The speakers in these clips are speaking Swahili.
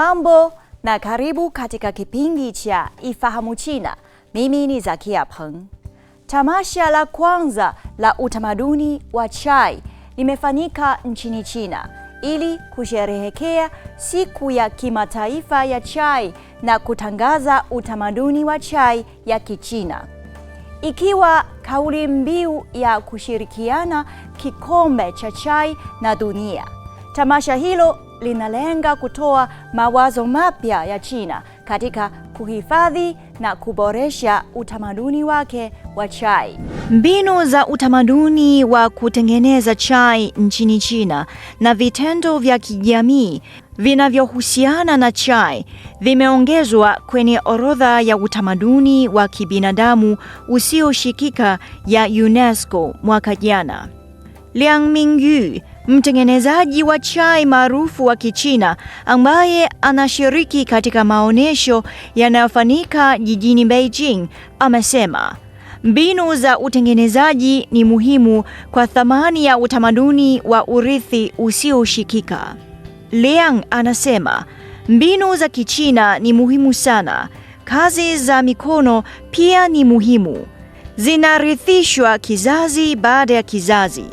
Mambo na karibu katika kipindi cha Ifahamu China. Mimi ni Zakia Peng. Tamasha la kwanza la utamaduni wa chai limefanyika nchini China ili kusherehekea siku ya kimataifa ya chai na kutangaza utamaduni wa chai ya Kichina. Ikiwa kauli mbiu ya kushirikiana kikombe cha chai na dunia. Tamasha hilo linalenga kutoa mawazo mapya ya China katika kuhifadhi na kuboresha utamaduni wake wa chai. Mbinu za utamaduni wa kutengeneza chai nchini China na vitendo vya kijamii vinavyohusiana na chai vimeongezwa kwenye orodha ya utamaduni wa kibinadamu usioshikika ya UNESCO mwaka jana. Liang Mingyu mtengenezaji wa chai maarufu wa Kichina ambaye anashiriki katika maonyesho yanayofanyika jijini Beijing amesema mbinu za utengenezaji ni muhimu kwa thamani ya utamaduni wa urithi usioshikika. Liang anasema mbinu za Kichina ni muhimu sana. Kazi za mikono pia ni muhimu, zinarithishwa kizazi baada ya kizazi.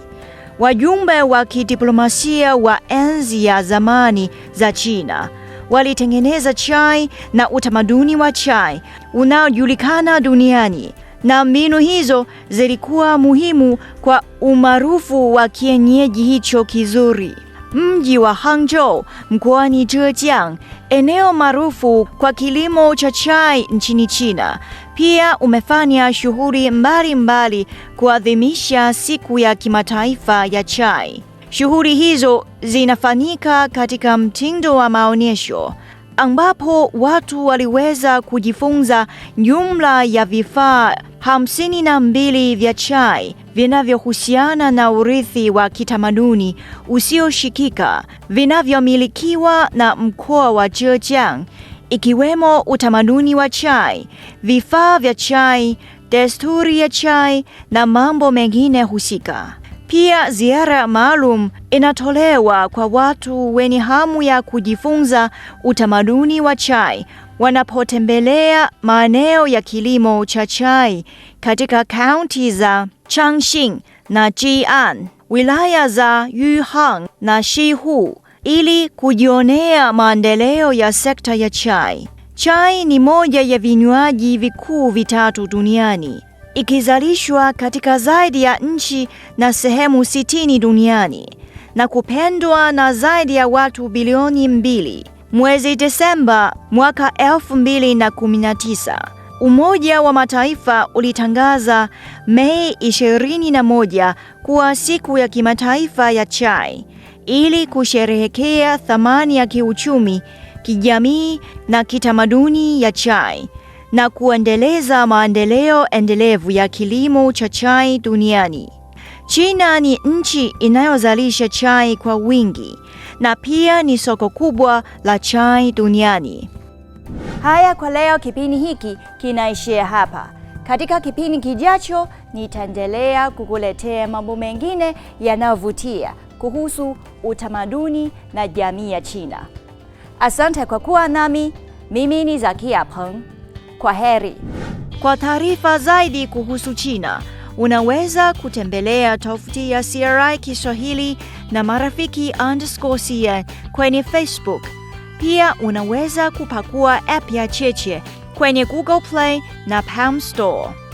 Wajumbe wa kidiplomasia wa enzi ya zamani za China walitengeneza chai na utamaduni wa chai unaojulikana duniani, na mbinu hizo zilikuwa muhimu kwa umaarufu wa kienyeji hicho kizuri mji wa Hangzhou mkoani Zhejiang, eneo maarufu kwa kilimo cha chai nchini China. Pia umefanya shughuli mbalimbali kuadhimisha siku ya kimataifa ya chai. Shughuli hizo zinafanyika katika mtindo wa maonyesho ambapo watu waliweza kujifunza jumla ya vifaa hamsini na mbili vya chai vinavyohusiana na urithi wa kitamaduni usioshikika vinavyomilikiwa na mkoa wa Zhejiang, ikiwemo utamaduni wa chai, vifaa vya chai, desturi ya chai na mambo mengine husika. Pia ziara maalum inatolewa kwa watu wenye hamu ya kujifunza utamaduni wa chai wanapotembelea maeneo ya kilimo cha chai katika kaunti za Changxing na Jian, wilaya za Yuhang na Shihu ili kujionea maendeleo ya sekta ya chai. Chai ni moja ya vinywaji vikuu vitatu duniani, ikizalishwa katika zaidi ya nchi na sehemu sitini duniani na kupendwa na zaidi ya watu bilioni mbili. Mwezi Desemba mwaka 2019, Umoja wa Mataifa ulitangaza Mei 21 kuwa siku ya kimataifa ya chai ili kusherehekea thamani ya kiuchumi, kijamii na kitamaduni ya chai na kuendeleza maendeleo endelevu ya kilimo cha chai duniani. China ni nchi inayozalisha chai kwa wingi na pia ni soko kubwa la chai duniani. Haya kwa leo, kipindi hiki kinaishia hapa. Katika kipindi kijacho, nitaendelea kukuletea mambo mengine yanayovutia kuhusu utamaduni na jamii ya China. Asante kwa kuwa nami. Mimi ni Zakia Peng. Kwa heri. Kwa taarifa zaidi kuhusu China Unaweza kutembelea tofuti ya CRI Kiswahili na marafiki underscore CN kwenye Facebook. Pia unaweza kupakua app ya Cheche kwenye Google Play na Palm Store.